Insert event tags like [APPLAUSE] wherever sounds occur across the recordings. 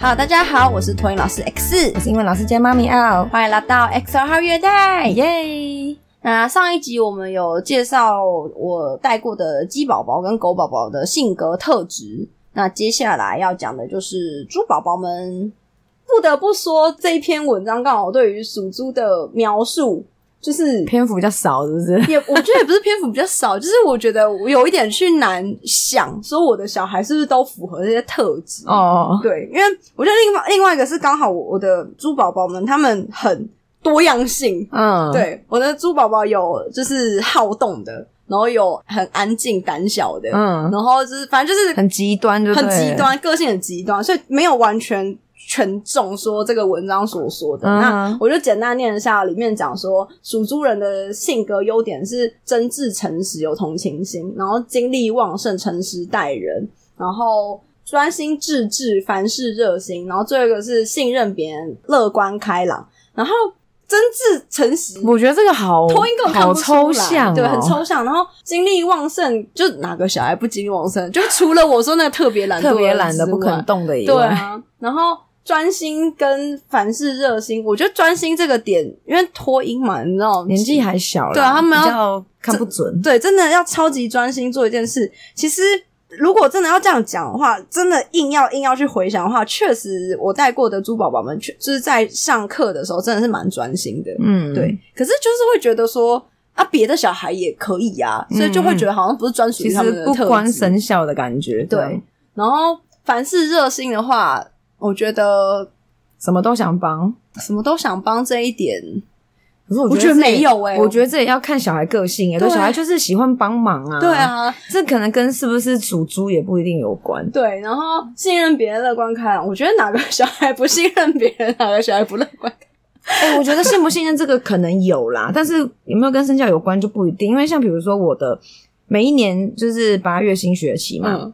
好，Hello, 大家好，我是托嬰老師 X，4, 我是英文老師兼媽咪 L，歡迎來到 X 二號月台，耶！那上一集我們有介紹我帶過的雞寶寶跟狗寶寶的性格特質，那接下來要講的就是豬寶寶們。不得不說，這一篇文章剛好對於屬豬的描述。就是篇幅比較少，是不是？也 [LAUGHS] 我覺得也不是篇幅比較少，就是我覺得我有一點去難想，說我的小孩是不是都符合這些特質哦？對，因為我覺得另外另外一個是剛好我我的豬寶寶們，他們很多樣性。嗯，對，我的豬寶寶有就是好動的，然後有很安靜膽小的，嗯，然後就是反正就是很極端，很極端對，個性很極端，所以沒有完全。權重說這個文章所說的，嗯、那我就簡單念一下裡面講說，屬豬人的性格優點是真摯誠實、有同情心，然後精力旺盛、誠實待人，然後專心致志、凡事熱心，然後最後一個是信任別人、樂觀開朗，然後真摯誠實。我覺得這個好，拖一個好抽象、哦。對，很抽象。然後精力旺盛，就哪個小孩不精力旺盛？就除了我說那個特別懶、特別懶得不肯動的以外，對啊，然後。專心跟凡事熱心，我覺得專心這個點，因為脫音嘛，你知道年紀還小，對啊，他們要比較看不準，對，真的要超級專心做一件事。其實如果真的要這樣講的話，真的硬要硬要去回想的話，確實我帶過的豬寶寶們，就是在上課的時候真的是蠻專心的，嗯，對。可是就是會覺得說啊，別的小孩也可以啊，所以就會覺得好像不是專屬於他們的，其實不關生肖的感覺，對。對，然後凡事熱心的話。我覺得什麼都想幫，什麼都想幫這一點，可是我覺得沒有哎，我覺得這也要看小孩個性耶、欸。性欸、對、啊，小孩就是喜歡幫忙啊，對啊，這可能跟是不是屬豬也不一定有關。對，然後信任別人、樂觀看。我覺得哪個小孩不信任別人， [LAUGHS] 哪個小孩不樂觀看？哎、欸，我覺得信不信任這個可能有啦， [LAUGHS] 但是有沒有跟生肖有關就不一定。因為像比如說我的每一年就是八月新學期嘛，嗯、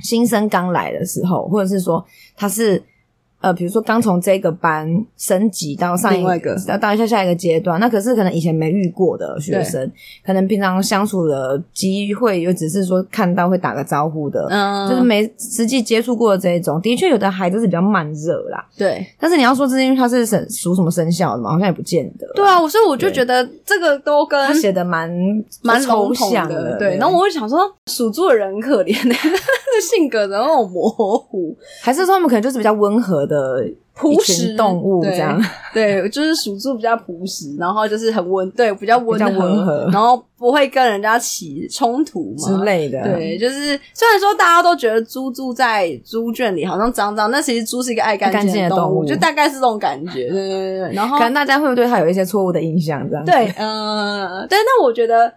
新生剛來的時候，或者是說他是。呃，比如說剛從這個班，升級到上一個，一個到到一下下一個階段，那可是可能以前沒遇過的學生，對可能平常相處的機會又只是說看到會打個招呼的，嗯，就是沒實際接觸過的這一種。的確，有的孩子是比較慢熱啦，對。但是你要說之是因為他是屬屬什麼生肖的，嘛，好像也不見得。對啊，我所以我就覺得這個都跟，對跟他寫的蠻蠻籠統的，的對，對。然後我會想說，屬豬的人很可憐的 [LAUGHS] 性格的那種模糊，還是說他們可能就是比較溫和的。的樸實動物這樣，對，對，就是屬豬比較樸實，然後就是很溫，對，比較溫，比較溫和，然後不會跟人家起衝突嘛之類的。對，就是雖然說大家都覺得豬住在豬圈裡好像髒髒，那其實豬是一個愛乾淨的動物，動物就大概是這種感覺。對對對，然後可能大家會不會對他有一些錯誤的印象？這樣子，對，嗯、呃。對那我覺得，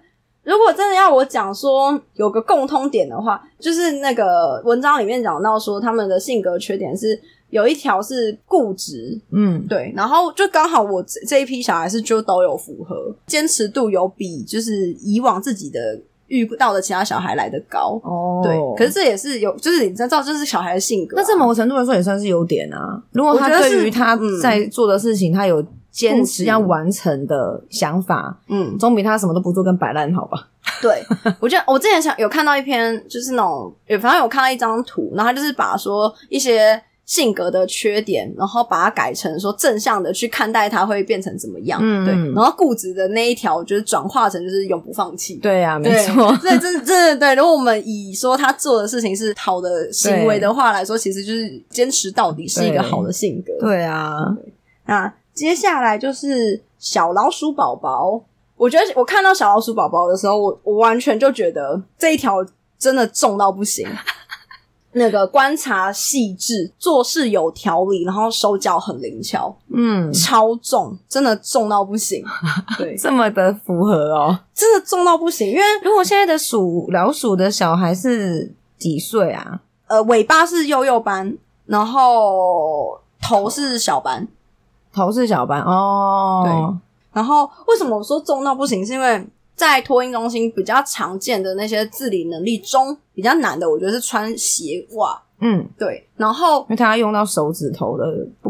如果真的要我講說有個共通點的話，就是那個文章裡面講到說他們的性格缺點是。有一條是固執，嗯，對，然後就剛好我這一批小孩是就都有符合堅持度，有比就是以往自己的遇到的其他小孩來的高哦，對，可是這也是有，就是你知道，這是小孩的性格、啊，那在某個程度來說也算是優點啊。如果他對於他在做的事情，他有堅持要完成的想法，嗯，總比他什麼都不做跟擺爛好吧？對，我覺得我之前想有看到一篇，就是那種，反正有看到一張圖，然後他就是把說一些。性格的缺點，然後把它改成說正向的去看待它，會變成怎麼樣？嗯，對。然後固執的那一條，就是轉化成就是永不放棄。對啊，對沒錯。對這這對。如果我們以說他做的事情是好的行為的話來說，對其實就是堅持到底是一個好的性格。對，對啊對。那接下來就是小老鼠寶寶。我覺得我看到小老鼠寶寶的時候，我我完全就覺得這一條真的重到不行。 [LAUGHS] 那個觀察細緻，做事有條理，然後手腳很靈巧，嗯，超重，真的重到不行，對，這麼的符合哦，真的重到不行。因為如果現在的鼠老鼠的小孩是幾歲啊？呃，尾巴是幼幼班，然後頭是小班。頭是小班哦，對。然後為什麼我說重到不行？是因為。在托嬰中心比較常見的那些自理能力中，比較難的，我覺得是穿鞋襪。嗯，對。然後因為它用到手指頭的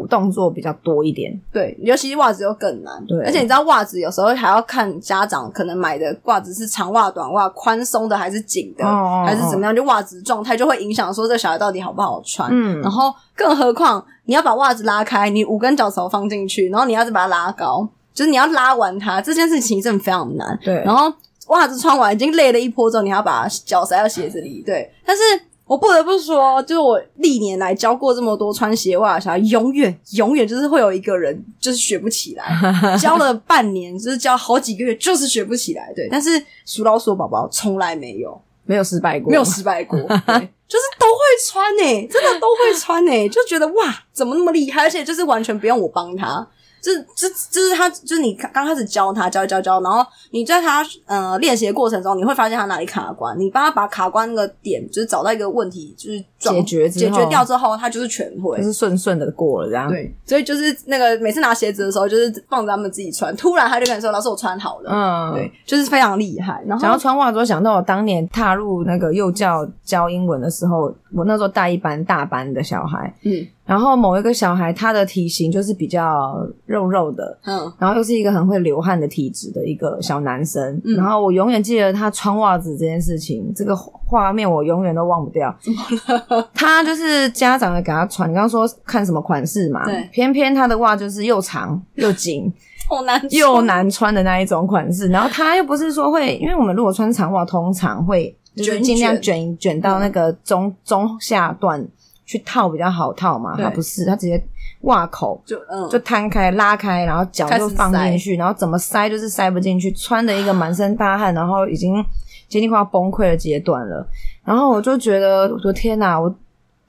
動作比較多一點。對，尤其是襪子又更難。對。而且你知道，襪子有時候還要看家長可能買的襪子是長襪、短襪、寬鬆的還是緊的，哦、還是怎麼樣？就襪子狀態就會影響說這小孩到底好不好穿。嗯。然後，更何況你要把襪子拉開，你五根腳趾頭放進去，然後你要再把它拉高。就是你要拉完它這件事情真的非常難，對。然後襪子穿完已經累了一波之後，你要把腳塞到鞋子裡，對。但是我不得不說，就是我歷年來教過這麼多穿鞋襪的小孩，永遠永遠就是會有一個人就是學不起來，教了半年就是教好幾個月就是學不起來，對。但是鼠老鼠寶寶從來沒有沒有失敗過，沒有失敗過，對 [LAUGHS] 就是都會穿呢、欸，真的都會穿呢、欸，就覺得哇，怎麼那麼厲害，而且就是完全不用我幫他。就是就，就是他，就是你剛開始教他教教教，然後你在他呃練習的過程中，你會發現他哪裡卡關，你幫他把卡關那個點，就是找到一個問題，就是解決解決掉之後，他就是全會，就是順順的過了這樣。對，所以就是那個每次拿鞋子的時候，就是放著他們自己穿，突然他就跟你說：“老師，我穿好了。”嗯，對，就是非常厲害。然後想要穿襪子，我想到我當年踏入那個幼教教英文的時候，我那時候帶一班大班的小孩，嗯。然後某一個小孩，他的體型就是比較肉肉的，嗯，oh. 然後又是一個很會流汗的體質的一個小男生。嗯、然後我永遠記得他穿襪子這件事情，嗯、這個畫面我永遠都忘不掉。 [LAUGHS] 他就是家長給他穿，你剛剛說看什麼款式嘛？對，偏偏他的襪就是又長又緊， [LAUGHS] 又難穿的那一種款式。 [LAUGHS] 然後他又不是說會，因為我們如果穿長襪，通常會就是盡量卷、卷卷到那個中、嗯、中下段。去套比較好套嘛？對他不是，他直接襪口就、嗯、就攤開拉開，然後腳就放進去，然後怎麼塞就是塞不進去。嗯、穿的一個滿身大汗，然後已經接近快要崩潰的階段了。然後我就覺得，我說天哪、啊，我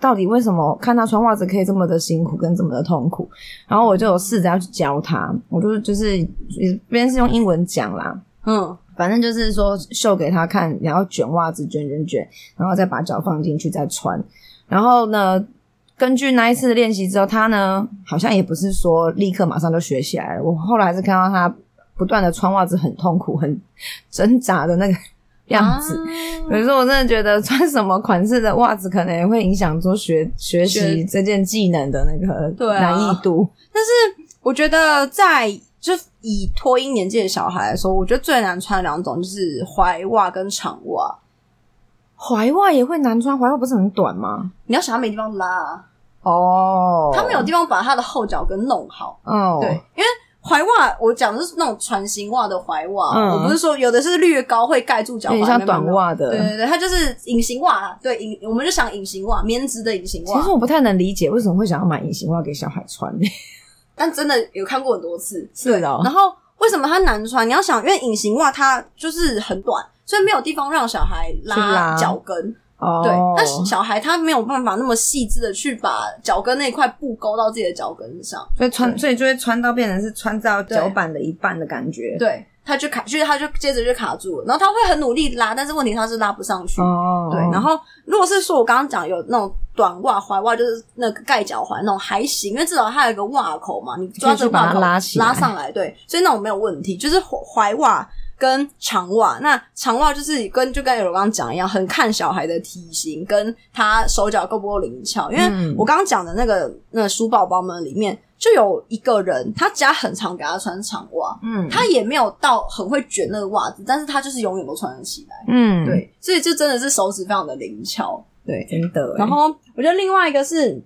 到底為什麼看他穿襪子可以這麼的辛苦，跟這麼的痛苦？然後我就有試着要去教他，我就就是邊是用英文講啦，嗯，反正就是說秀給他看，然後卷襪子卷，卷卷卷，然後再把腳放進去再穿。然後呢，根據那一次的練習之後，他呢好像也不是說立刻馬上就學起來了。我後來還是看到他不斷的穿襪子很痛苦、很掙扎的那個樣子。啊、可是我真的覺得穿什麼款式的襪子可能也會影響做學學習這件技能的那個難易度。啊、但是我覺得在就以托嬰年紀的小孩來說，我覺得最難穿的兩種就是踝襪跟長襪。踝襪也會難穿，踝襪不是很短嗎？你要想，它沒地方拉哦、啊，它、oh. 沒有地方把它的後腳跟弄好哦。Oh. 對，因為踝襪，我講的是那種船型襪的踝襪，嗯、我不是說有的是略高會蓋住腳踝，有點像短襪的，對對對，它就是隱形襪。對，我們就想隱形襪，棉質的隱形襪。其實我不太能理解為什麼會想要買隱形襪給小孩穿， [LAUGHS] 但真的有看過很多次，是的。對哦、然後為什麼它難穿？你要想，因為隱形襪它就是很短。所以沒有地方讓小孩拉腳跟，啊哦、對，那小孩他沒有辦法那麼細緻的去把腳跟那塊布勾到自己的腳跟上，所以穿，對所以就會穿到變成是穿到腳板的一半的感覺，對，他就卡，所以他就接着就卡住了，然後他會很努力拉，但是問題他是拉不上去，哦、對，然後如果是說我剛剛講有那種短襪、踝襪，就是那個蓋腳踝那種還行，因為至少它有一個襪口嘛，你抓着襪口拉起拉上來，對，所以那種沒有問題，就是踝襪。跟長襪，那長襪就是跟就跟我剛剛講一樣，很看小孩的體型跟他手腳夠不夠靈巧。因為我剛剛講的那個那個鼠寶寶們裡面就有一個人，他家很常給他穿長襪，嗯，他也沒有到很會捲那個襪子，但是他就是永遠都穿得起來，嗯，對，所以就真的是手指非常的靈巧，對，真的、嗯。然後我覺得另外一個是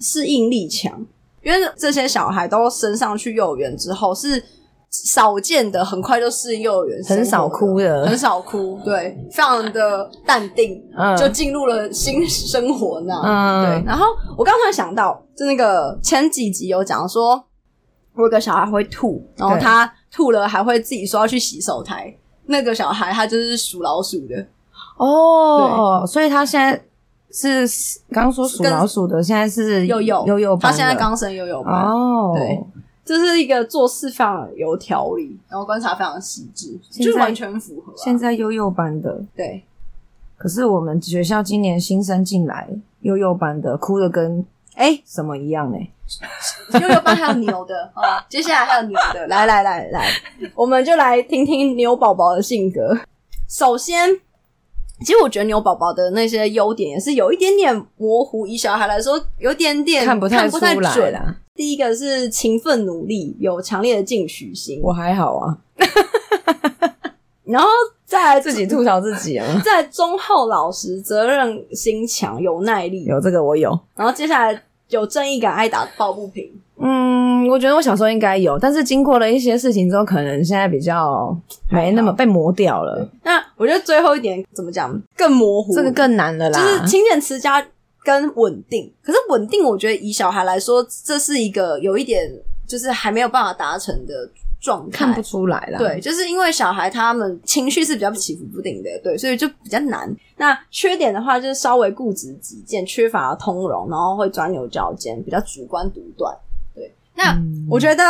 適應力強，因為這些小孩都升上去幼兒園之後是。少見的，很快就適應幼兒園，很少哭的，很少哭，對，非常的淡定，就進入了新生活那樣。對，然後我剛才突然想到，就那個前幾集有講說，有個小孩會吐，然後他吐了還會自己說要去洗手台。那個小孩他就是屬老鼠的哦，所以他現在是剛說屬老鼠的，現在是幼幼，幼幼吧？他現在剛升幼幼班吧？哦，對。這是一個做事法有條理、嗯，然後觀察非常細緻，在就是完全符合、啊。現在幼幼班的對，可是我們學校今年新生進來幼幼班的，哭的跟哎什麼一樣呢？欸、 [LAUGHS] 幼幼班還有牛的啊， [LAUGHS] 接下來還有牛的，來來來來，我們就來聽聽牛寶寶的性格。首先。其實我覺得牛寶寶的那些優點也是有一點點模糊，以小孩來說有一點點看不太，看不太出來啊。第一個是勤奮努力，有強烈的進取心。我還好啊， [LAUGHS] 然後再來自己吐槽自己啊。在忠厚老實、責任心強、有耐力，有這個我有。然後接下來有正義感，愛打抱不平。嗯，我覺得我小時候應該有，但是經過了一些事情之後，可能現在比較沒那麼被磨掉了。那我覺得最後一點怎麼講更模糊，這個更難了啦。就是勤儉持家跟穩定，可是穩定，我覺得以小孩來說，這是一個有一點就是還沒有辦法達成的狀態，看不出來啦。對，就是因為小孩他們情緒是比較起伏不定的，對，所以就比較難。那缺點的話就是稍微固執己見，缺乏通融，然後會鑽牛角尖，比較主觀獨斷。那我覺得，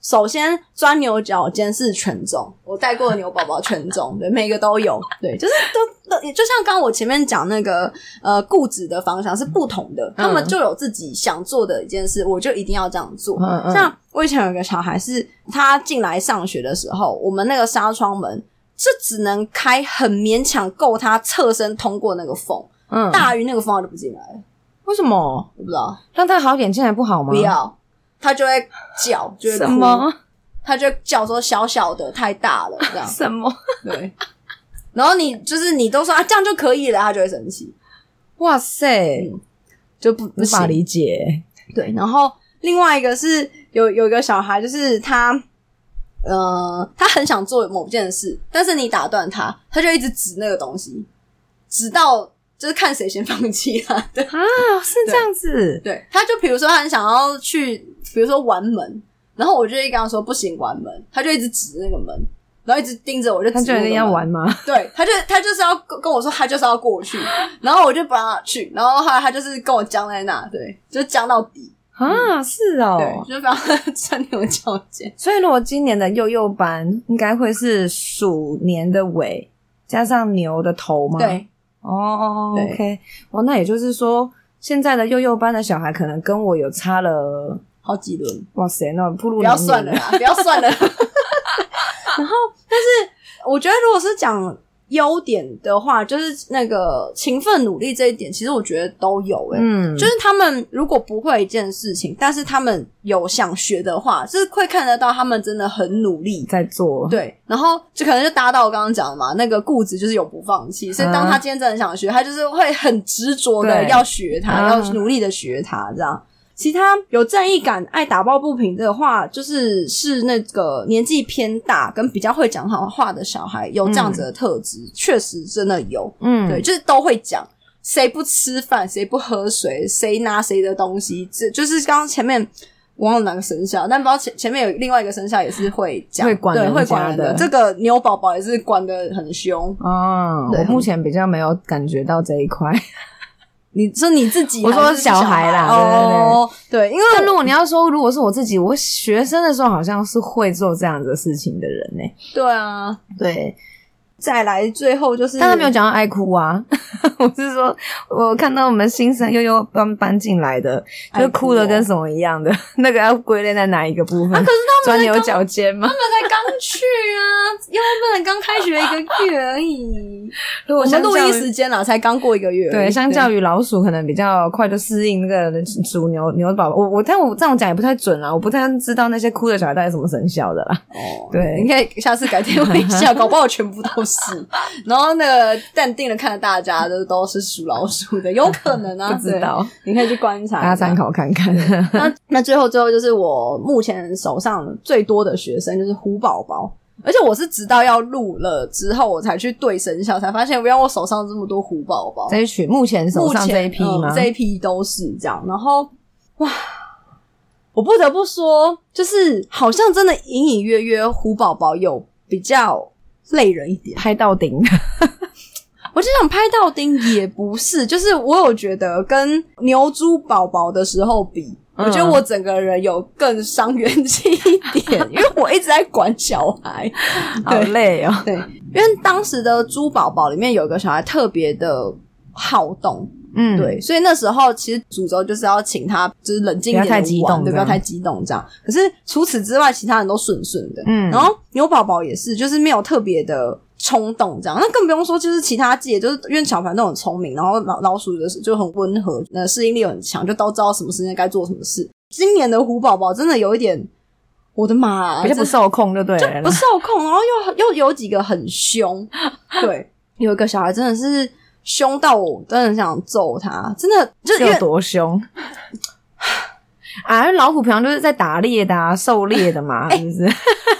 首先鑽牛角尖是全中。我帶過的牛寶寶全中， [LAUGHS] 對，每一個都有，對，就是都都，就像剛我前面講那個，呃，固執的方向是不同的，嗯、他們就有自己想做的一件事，我就一定要這樣做。嗯嗯、像我以前有一個小孩是，是他進來上學的時候，我們那個紗窗門，就只能開很勉強夠他側身通過那個縫，嗯，大於那個縫他都不進來。為什麼？我不知道，讓他好點進來不好嗎？不要。他就會叫，就會哭，什麼？他就叫說小小的太大了這樣。什麼？對。 [LAUGHS] 然後你就是你都說啊，這樣就可以了，他就會生氣。哇塞，嗯、就不無法理解。對。然後另外一個是有有一個小孩，就是他，嗯、呃，他很想做某件事，但是你打斷他，他就一直指那個東西，直到。就是看誰先放棄他的啊，是這樣子。對，對，他就比如說他很想要去，比如說玩門，然後我就一跟他說不行玩門，他就一直指那個門，然後一直盯着我，就指我，就他覺得你要玩嗎？對，他就他就是要跟我說他就是要過去， [LAUGHS] 然後我就不讓他去，然後後來他就是跟我僵在那，對，就僵到底啊，嗯、是哦，對，就非常鑽牛角尖。 [LAUGHS] 所以，如果今年的幼幼班應該會是鼠年的尾加上牛的頭嗎？對。哦、oh，OK，哦對，oh, 那也就是說，現在的幼幼班的小孩可能跟我有差了好幾輪，哇塞，那不如不要算了啦，不要算了。 [LAUGHS] [LAUGHS] [LAUGHS] 然後，但是我覺得，如果是講。優點的話，就是那個勤奮努力這一點，其實我覺得都有誒、欸。嗯，就是他們如果不會一件事情，但是他們有想學的話，就是會看得到他們真的很努力在做。對，然後就可能就搭到我剛剛講的嘛，那個固執就是有不放棄。嗯、所以當他今天真的想學，他就是會很執着的對要學他，嗯、要努力的學他這樣。其他有正義感、愛打抱不平的話，就是是那個年紀偏大、跟比較會講好話的小孩有這樣子的特質，嗯、確實真的有。嗯，對，就是都會講誰不吃飯、誰不喝水、誰拿誰的東西。這就是剛剛前面忘了哪個生肖，但不知道前前面有另外一個生肖也是會講，會管人的。這個牛寶寶也是管得很凶啊。哦、對，我目前比較沒有感覺到這一塊。你說你自己，我說小孩啦，孩，對對對，哦、對。對，因為如果你要說，如果是我自己，我，我學生的時候好像是會做這樣子的事情的人呢、欸。對啊，對。再來，最後就是，但他沒有講到愛哭啊。我是說，我看到我們新生悠悠搬搬進來的，就哭的跟什麼一樣的，那個要歸類在哪一個部分？啊，可是他們鑽牛角尖嗎？他們才剛去啊，因為不然剛開學一個月而已。我們錄音時間了，才剛過一個月。對，相較於老鼠，可能比較快就適應那個屬牛牛寶寶。我我但我這樣講也不太準啊，我不太知道那些哭的小孩到底什麼生肖的啦。哦，對，應該下次改天問一下，搞不好全部都。是，然後那個淡定的看的看着大家，都都是屬老鼠的，有可能啊， [LAUGHS] 不知道？你可以去觀察，大家參考看看。那那最後最後就是我目前手上最多的學生就是虎寶寶，而且我是直到要錄了之後，我才去對生肖，才發現原來我手上這麼多虎寶寶。這一群目前手上這一批嗎？嗯，這一批都是這樣。然後哇，我不得不說，就是好像真的隱隱約約，虎寶寶有比較。累人一點，拍到頂。 [LAUGHS] 我就想拍到頂也不是，就是我有覺得跟牛豬寶寶的時候比，嗯、我覺得我整個人有更傷元氣一點，因為我一直在管小孩， [LAUGHS] 對好累哦。對，因為當時的豬寶寶裡面有個小孩特別的好動。嗯，對，所以那時候其實主軸就是要請他，就是冷靜一點不，不要太激動，對，不要太激動這樣。可是除此之外，其他人都順順的。嗯，然後牛寶寶也是，就是沒有特別的衝動這樣。那更不用說，就是其他界，就是因為小凡都很聰明，然後老老鼠就是就很溫和，呃，適應力很強，就都知道什麼時間該做什麼事。今年的虎寶寶真的有一點，我的媽啊，而且不受控對，對不對，就不受控，然後又又有幾個很凶，對，有一個小孩真的是。凶到我，真的很想揍他！真的這是有多凶 [LAUGHS] 啊！老虎平常就是在打獵的，啊，狩獵的嘛，是不、欸就是？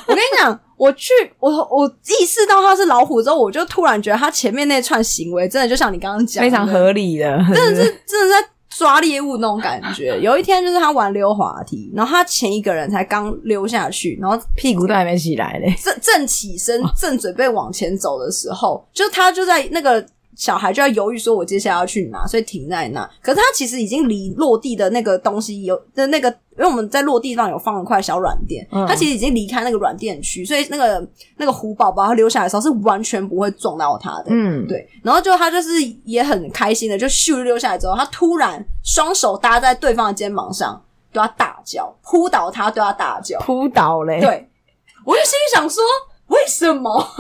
我跟你講， [LAUGHS] 我去，我我意識到他是老虎之後，我就突然覺得他前面那串行為真的就像你剛剛講的，非常合理的，是是真的是真的在抓獵物那種感覺。 [LAUGHS] 有一天，就是他玩溜滑梯，然後他前一個人才剛溜下去，然後屁股都還沒起來嘞，正正起身正準備往前走的時候，哇就他就在那個。小孩就要猶豫，說我接下來要去哪？所以停在那。可是他其實已經離落地的那個東西有，的那個，因為我們在落地上有放了塊小軟墊，嗯、他其實已經離開那個軟墊區，所以那個那個虎寶寶他溜下來的時候是完全不會撞到他的。嗯，對。然後就他就是也很開心的，就咻溜下來之後，他突然雙手搭在對方的肩膀上，對他大叫，撲倒他，對他大叫，撲倒嘞。對，我就心裡想說。為什麼？ [LAUGHS]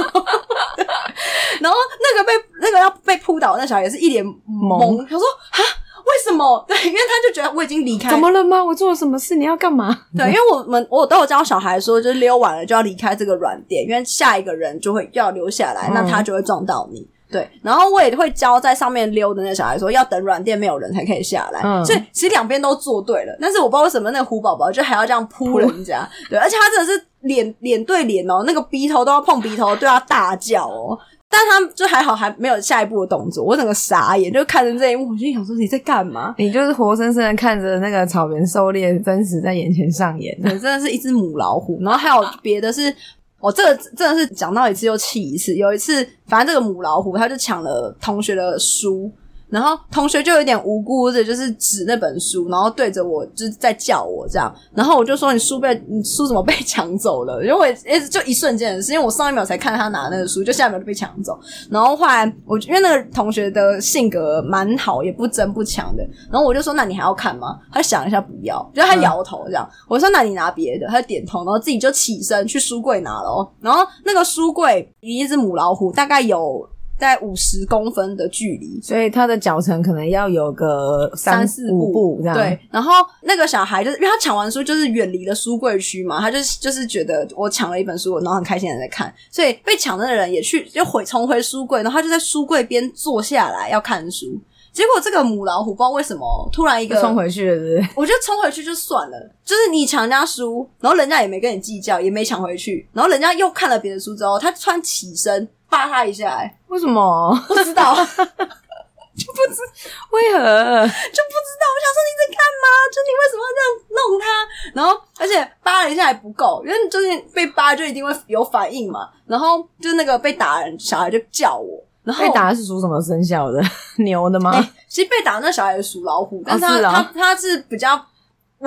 然後那個被那個要被撲倒的那小孩也是一臉懵，他蒙說：“啊，為什麼？”對，因為他就覺得我已經離開，怎麼了嗎？我做了什麼事？你要幹嘛？對，因為我們我都有教小孩說，就是溜完了就要離開這個軟墊，因為下一個人就會要溜下來，嗯、那他就會撞到你。對，然後我也會教在上面溜的那小孩說，要等軟墊沒有人才可以下來。嗯、所以其實兩邊都做對了，但是我不知道為什麼那個虎寶寶就還要這樣撲人家。鋪 對，而且他真的是。臉臉對臉哦，那個鼻頭都要碰鼻頭，對他大叫哦。但他就還好，還沒有下一步的動作。我整個傻眼，就看着這一幕，我就想說你在幹嘛？你就是活生生的看着那個草原狩獵，真實在眼前上演。對，真的是一只母老虎。然後還有別的是，是哦，這個，真的是講到一次又氣一次。有一次，反正這個母老虎，他就搶了同學的書。然後同學就有點無辜的，就是指那本書，然後對着我就在叫我這樣。然後我就說：“你書被你書怎麼被搶走了？”因為我也，會就一瞬間是，是因為我上一秒才看他拿那個書，就下一秒就被搶走。然後後來我因為那個同學的性格蠻好，也不爭不搶的。然後我就說：“那你還要看嗎？”他想一下不要，就他搖頭這樣。嗯、我說：“那你拿別的。”他就點頭，然後自己就起身去書櫃拿咯。然後那個書櫃一隻母老虎，大概有。在五十公分的距離，所以他的腳程可能要有個三,三四步、五步這樣。對，然後那個小孩就是，因為他搶完書就是遠離了書櫃區嘛，他就是、就是覺得我搶了一本書，我然後很開心的在看，所以被搶的人也去就回重回書櫃，然後他就在書櫃邊坐下來要看書。結果這個母老虎不知道為什麼突然一個衝回去了是不是，對不對？我覺得衝回去就算了，就是你搶人家書，然後人家也沒跟你計較，也沒搶回去，然後人家又看了別的書之後，他突然起身，扒他一下、欸，為什麼？不知道。 [LAUGHS] 就不知為何就不知道。我想說，你在幹嘛？就你為什麼要這樣弄他？然後而且扒了一下還不夠，因為就是被扒就一定會有反應嘛。然後就是那個被打人小孩就叫我。然後。被打的是屬什麼生肖的？牛的嗎？欸、其實被打的那小孩也屬老虎，但是他、哦，是啊、他，他是比較。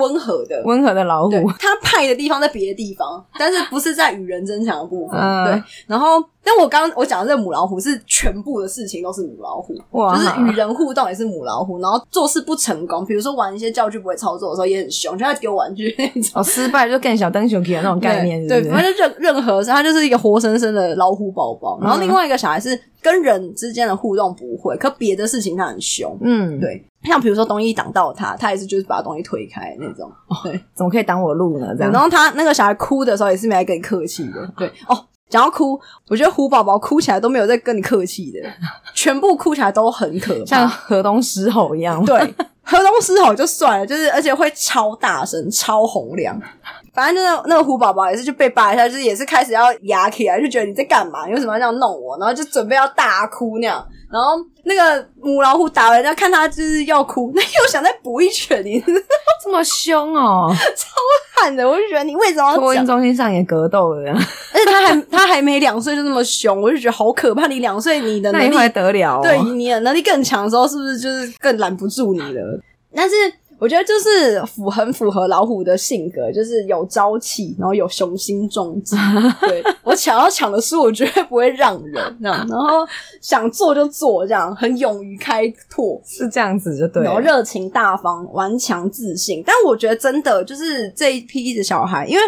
溫和的，溫和的老虎，他派的地方在別的地方，但是不是在與人爭搶的部分。對，然後，但我剛剛我講的這個母老虎是全部的事情都是母老虎，哇，就是與人互動也是母老虎，然後做事不成功，比如說玩一些教具不會操作的時候也很兇，就像丟玩具那種。哦，失敗就更小，燈熊皮的那種概念，對，反正任任何他就是一個活生生的老虎寶寶。然後另外一個小孩是跟人之間的互動不會，可別的事情他很兇，嗯，對。像比如說東西擋到他，他也是就是把東西推開那種，對，哦、怎麼可以擋我路呢？這樣，然後他那個小孩哭的時候也是沒來跟你客氣的，啊、對哦，講到哭，我覺得虎寶寶哭起來都沒有在跟你客氣的，啊、全部哭起來都很可怕，像河東獅吼一樣。對，河東獅吼就算了，就是而且會超大聲，超洪亮， [LAUGHS] 反正就是那個虎寶寶也是就被扒一下，就是也是開始要牙起來，就覺得你在幹嘛？你為什麼要這樣弄我？然後就準備要大哭那樣。然後那個母老虎打完，然後看它就是要哭，那又想再補一拳，你是是這麼凶哦，超狠的！我就覺得你為什麼要托嬰中心上也格鬥了呀？而且他還 [LAUGHS] 他還沒兩歲就那麼凶，我就覺得好可怕。你兩歲你的能力那還得了，哦，對，你的能力更強的時候是不是就是更攔不住你了？但是。我覺得就是符很符合老虎的性格，就是有朝氣，然後有雄心壯志。 [LAUGHS] 對我搶要搶的書，我絕對不會讓人。然後想做就做，這樣很勇於開拓，是這樣子就對。然後熱情大方，頑強自信。但我覺得真的就是這一批的小孩，因為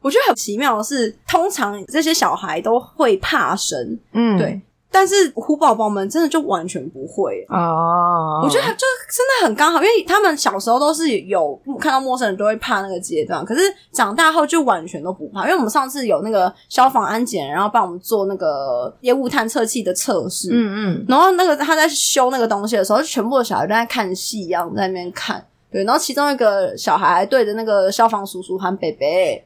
我覺得很奇妙的是，通常這些小孩都會怕生。嗯，對。但是虎寶寶們真的就完全不會啊！Oh. 我覺得他就真的很剛好，因為他們小時候都是有看到陌生人，都會怕那個階段。可是長大後就完全都不怕，因為我們上次有那個消防安檢，然後幫我們做那個煙霧探測器的測試。嗯嗯，然後那個他在修那個東西的時候，就全部的小孩都在看戲一樣，在那邊看。對，然後其中一個小孩對着那個消防叔叔喊：“貝貝。”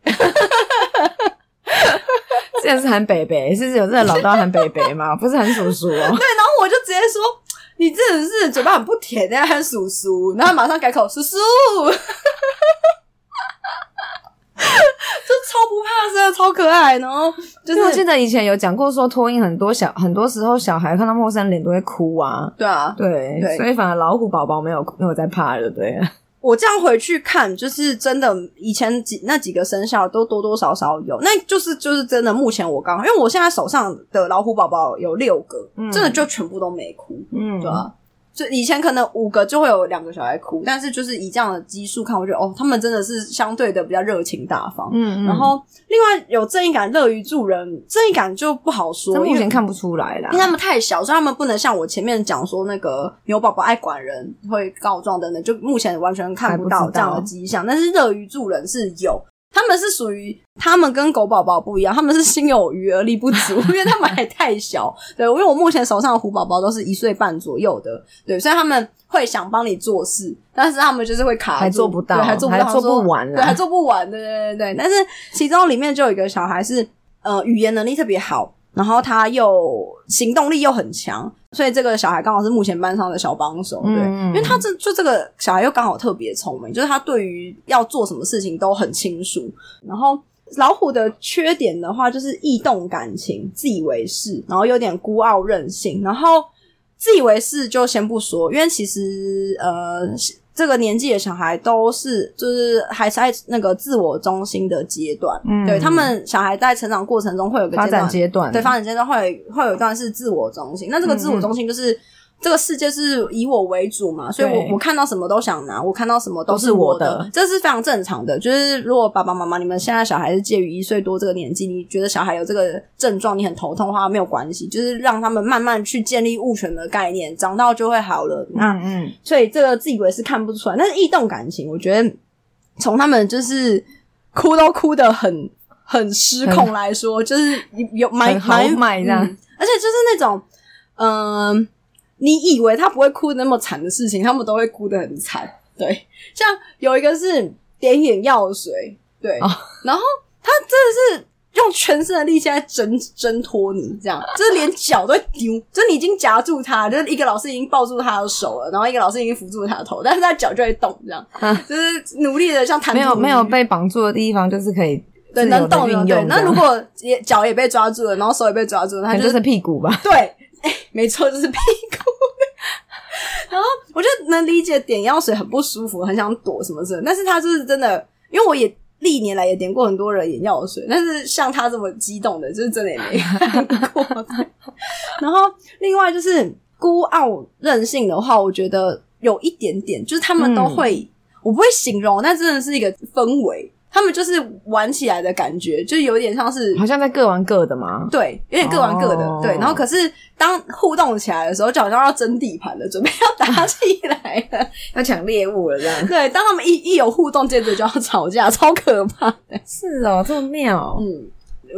[LAUGHS] 真的是喊北北，是不是有這個老道喊北北嘛？不是喊叔叔哦。 [LAUGHS] 對，然後我就直接說：“你真的是嘴巴很不甜耶，喊叔叔。”然後馬上改口：“叔叔。”哈哈哈哈哈！就超不怕，真的超可愛。然後就是我記得以前有講過說，托嬰很多小，很多時候小孩看到陌生人臉都會哭啊。對啊，對，對所以反而老虎寶寶沒有沒有在怕了，對啊。我這樣回去看，就是真的，以前幾那幾個生肖都多多少少有，那就是就是真的。目前我剛好，因為我現在手上的老虎寶寶有六個，嗯、真的就全部都沒哭，嗯，對吧、啊就以前可能五個就會有兩個小孩哭，但是就是以這樣的基數看我就，我覺得哦，他們真的是相對的比較熱情大方。嗯嗯。然後另外有正義感、樂於助人，正義感就不好說，目前看不出來啦，因為他們太小，所以他們不能像我前面講說那個牛寶寶愛管人、會告狀等等，就目前完全看不到這樣的跡象。但是樂於助人是有。他們是屬於，他們跟狗寶寶不一樣，他們是心有餘而力不足， [LAUGHS] 因為他們還太小。對，因為我目前手上的虎寶寶都是一歲半左右的，對，所以他們會想幫你做事，但是他們就是會卡住，還做不到，還做不，還做不完，啊，對，還做不完，對對對對，對。但是其中裡面就有一個小孩是，呃，語言能力特別好，然後他又行動力又很強。所以這個小孩剛好是目前班上的小幫手，嗯嗯嗯，對，因為他這就這個小孩又剛好特別聰明，就是他對於要做什麼事情都很清楚。然後老虎的缺點的話，就是易動感情、自以為是，然後有點孤傲任性。然後自以為是就先不說，因為其實呃。嗯這個年紀的小孩都是，就是還是在那個自我中心的階段。嗯，對，他們小孩在成長過程中會有個階段，發展階段，對發展階段會會有一段是自我中心。那這個自我中心就是。嗯這個世界是以我為主嘛，所以我對我看到什麼都想拿，我看到什麼都是我的，是我的，這是非常正常的。就是如果爸爸媽媽，你們現在小孩是介於一歲多這個年紀，你覺得小孩有這個症狀，你很頭痛的話，沒有關係，就是讓他們慢慢去建立物權的概念，長到就會好了。嗯嗯，你嗯，所以這個自以為是看不出來，但是易動感情，我覺得從他們就是哭都哭得很很失控來說，嗯、就是有買買買、啊、的、嗯、而且就是那種嗯。呃你以為他不會哭那麼慘的事情，他們都會哭得很慘。對，像有一個是點眼藥水，對，哦、然後他真的是用全身的力氣在掙掙脫你，這樣就是連腳都會丟。就是你已經夾住他，就是一個老師已經抱住他的手了，然後一個老師已經扶住他的頭，但是他腳就會動，這樣、啊、就是努力的像彈。沒有沒有被綁住的地方就是可以的對能動運對。樣那如果也腳也被抓住了，然後手也被抓住，了，那、就是、就是屁股吧？對。哎、欸，沒錯，就是屁股。 [LAUGHS] 然後我就能理解點藥水很不舒服，很想躲什麼事，但是他就是真的，因為我也歷年來也點過很多人眼藥水，但是像他這麼激動的，就是真的也沒看過。 [LAUGHS] 然後另外就是孤傲任性的話，我覺得有一點點，就是他們都會，嗯、我不會形容，但真的是一個氛圍。他們就是玩起來的感覺，就有點像是，好像在各玩各的嘛。對，有點各玩各的，oh. 對。然後可是當互動起來的時候，就好像要爭地盤了，準備要打起來了，嗯、 [LAUGHS] 要搶獵物了這樣。對，當他們一一有互動，接着就要吵架， [LAUGHS] 超可怕的。是哦，這麼妙。嗯，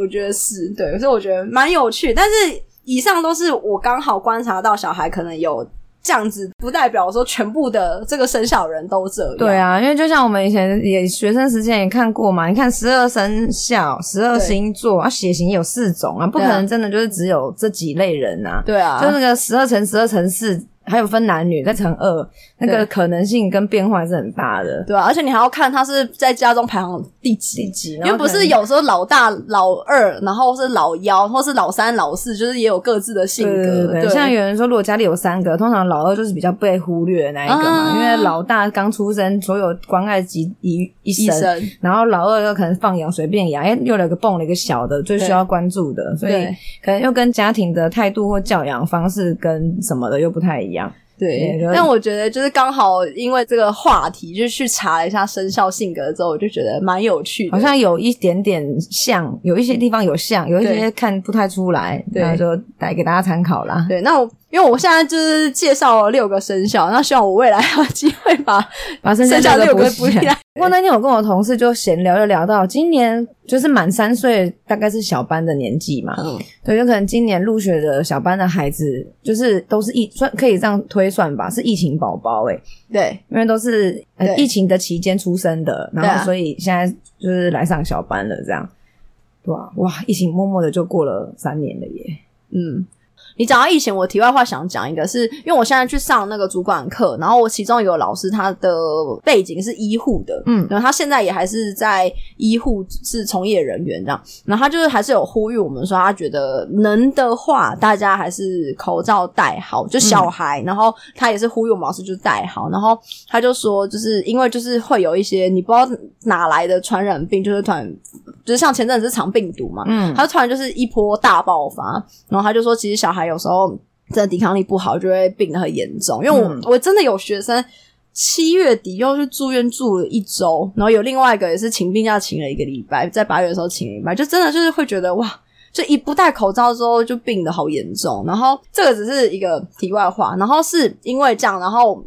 我覺得是，對。所以我覺得蠻有趣，但是以上都是我剛好觀察到小孩可能有。這樣子不代表說全部的這個生肖人都這樣。對啊，因為就像我們以前也學生時期也看過嘛，你看十二生肖、十二星座對啊，血型有四種啊，不可能真的就是只有這幾類人啊。對啊，就那個十二乘十二乘四。還有分男女，再乘二，那個可能性跟變化是很大的。對啊，而且你還要看他是在家中排行第幾，第幾，因為不是有時候老大、老二，然後是老幺，或是老三、老四，就是也有各自的性格。對，對，對，對，像有人說，如果家裡有三個，通常老二就是比較被忽略的那一個嘛，啊，因為老大剛出生，所有關愛集於一身，一身然後老二又可能放養，隨便養，哎，又來個蹦了一個小的，最需要關注的，對所以對可能又跟家庭的態度或教養方式跟什麼的又不太一樣。對，個但我覺得就是剛好，因為這個話題，就是去查了一下生肖性格之後，我就覺得蠻有趣的，好像有一點點像，有一些地方有像，嗯、有一些看不太出來，對然後就帶給大家參考啦。對，那我。因為我現在就是介紹了六個生肖，那希望我未來還有機會把把生肖六個補起來。起來對不過那天我跟我同事就閒聊，聊，就聊到今年就是滿三歲，大概是小班的年紀嘛。嗯，有可能今年入學的小班的孩子，就是都是一算可以這樣推算吧，是疫情寶寶誒對，因為都是、嗯、對疫情的期間出生的，然後所以現在就是來上小班了，這樣對啊，哇，疫情默默的就過了三年了耶。嗯。你講到疫情，我題外話想講一個是，是因為我現在去上那個主管課，然後我其中一個老師他的背景是醫護的，嗯，然後他現在也還是在醫護是從業人員這樣，然後他就是還是有呼籲我們說，他覺得能的話，大家還是口罩戴好，就小孩，嗯、然後他也是呼籲我們老師就戴好，然後他就說，就是因為就是會有一些你不知道哪來的傳染病，就是突然，就是像前陣子腸病毒嘛，嗯，他突然就是一波大爆發，然後他就說，其實小孩。還有時候真的抵抗力不好，就會病得很嚴重。因為我、嗯、我真的有學生七月底又去住院住了一周，然後有另外一個也是請病假請了一個禮拜，在八月的時候請了一個禮拜，就真的就是會覺得哇，就一不戴口罩之後就病得好嚴重。然後這個只是一個題外話，然後是因為這樣，然後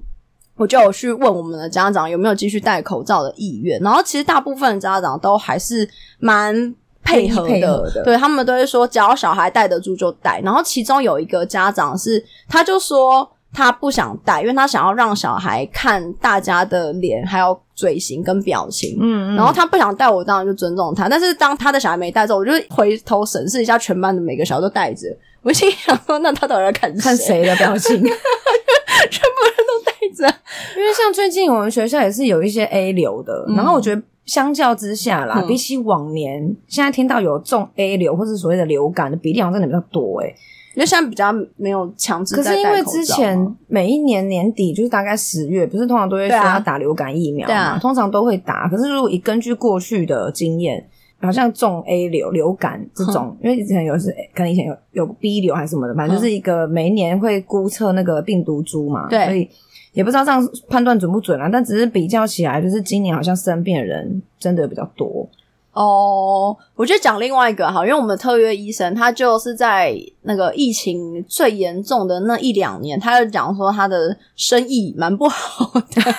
我就有去問我們的家長有沒有繼續戴口罩的意願，然後其實大部分的家長都還是蠻。配合的，對，他們都會說，只要小孩帶得住就帶。然後其中有一個家長是，他就說他不想帶，因為他想要讓小孩看大家的臉，還有嘴型跟表情。嗯，嗯，然後他不想帶，我當然就尊重他。但是當他的小孩沒帶走，我就回頭審視一下全班的每個小孩都帶着。我心想說，那他到底要看誰的表情？ [LAUGHS] 全部人都戴着，因為像最近我們學校也是有一些 A 流的，嗯、然後我覺得相較之下啦，嗯、比起往年，現在聽到有中 A 流或是所謂的流感的比例好像真的比較多誒。因為現在比較沒有強制，可是因為之前每一年年底就是大概十月，不是通常都會說要打流感疫苗嘛，啊、通常都會打。可是如果以根據過去的經驗。好像中 A 流流感這種，嗯、因為以前有是可能以前有有 B 流還是什麼的，反正就是一個每一年會估測那個病毒株嘛，嗯、所以也不知道這樣判斷準不準啦、啊。但只是比較起來，就是今年好像生病的人真的比較多。哦，我覺得講另外一個好，因為我們的特約醫生他就是在那個疫情最嚴重的那一兩年，他就講說他的生意蠻不好的。 [LAUGHS]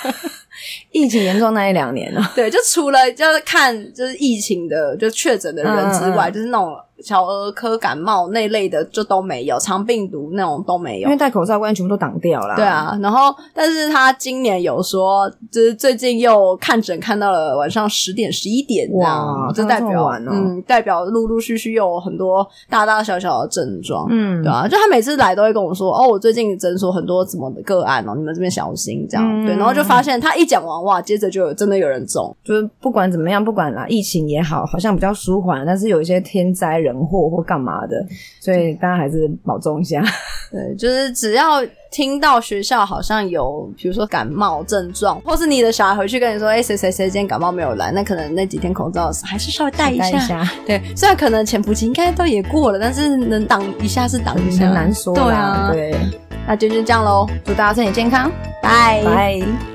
疫情嚴重那一兩年呢？ [LAUGHS] 對，就除了就是看就是疫情的就確診的人之外，嗯嗯就是那種小兒科感冒那類的就都沒有，腸病毒那種都沒有，因為戴口罩關係全部都擋掉了。對啊，然後但是他今年有說，就是最近又看診看到了晚上十點十一點這樣，哇就代表剛剛這、喔、嗯代表陸陸續續又有很多大大小小的症狀，嗯，對啊，就他每次來都會跟我說哦，我最近診所很多怎麼個案哦、啊，你們這邊小心這樣，嗯、對，然後就發現他一。一講完話，接着就真的有人中，就是不管怎麼樣，不管啦，疫情也好，好像比較舒緩，但是有一些天災人禍或幹嘛的，所以大家還是保重一下。對，就是只要聽到學校好像有，比如說感冒症狀，或是你的小孩回去跟你說，哎、欸，誰誰誰今天感冒沒有來，那可能那幾天口罩還是稍微戴一下。一下對，雖然可能潛伏期應該都也過了，但是能擋一下是擋一下，很難說。對啊，對，那今天就這樣嘍，祝大家身體健康，拜拜 Bye。